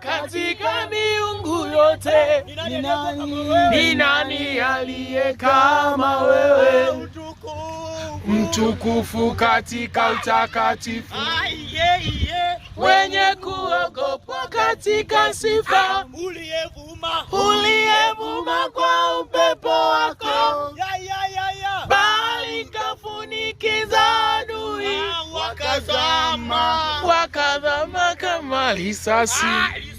katika miungu yote ni nani, ni nani aliye kama wewe mtukufu katika utakatifu, wenye kuogopwa katika sifa, uliyevuma kwa upepo wako, bali kafunikiza adui wakazama, wakazama kama risasi.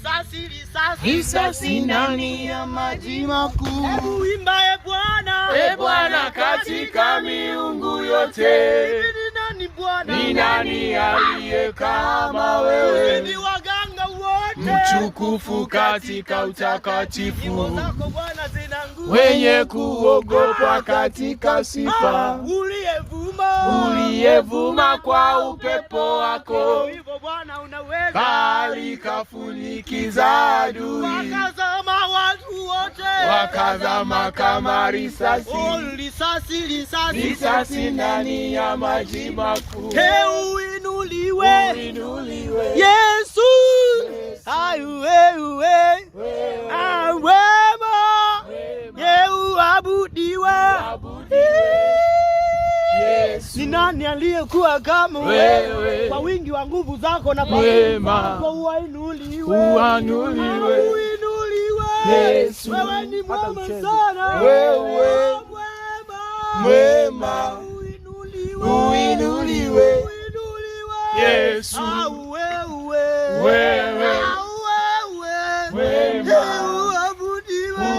Risasi, risasi, risasi ndani ya maji makuu. Hebu imba e Bwana, e Bwana katika miungu yote. Ni nani Bwana? Ni nani aliye kama wewe? Ni waganga wote. Mtukufu katika utakatifu. Wenye kuogopwa katika sifa. Ah, uliyevuma, uliyevuma kwa upepo wako. Hivyo Bwana unaweza likafunikiza adui, wakazama watu wote, wakazama kama risasi, oh, risasi, risasi, risasi ndani ya maji makuu. He, uinuliwe, uinuliwe Yesu, aueuwe awema, Yehu abudiwa. Ni nani aliyekuwa kama wewe? kwa nguvu zako na kwa wema wako uainuliwe, uinuliwe. Yesu, wewe ni mwema sana, wewe mwema, uinuliwe Yesu, wewe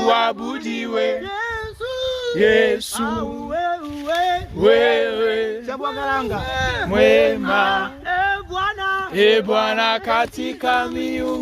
uabudiwe Yesu, wewe mwema E Bwana katika miungu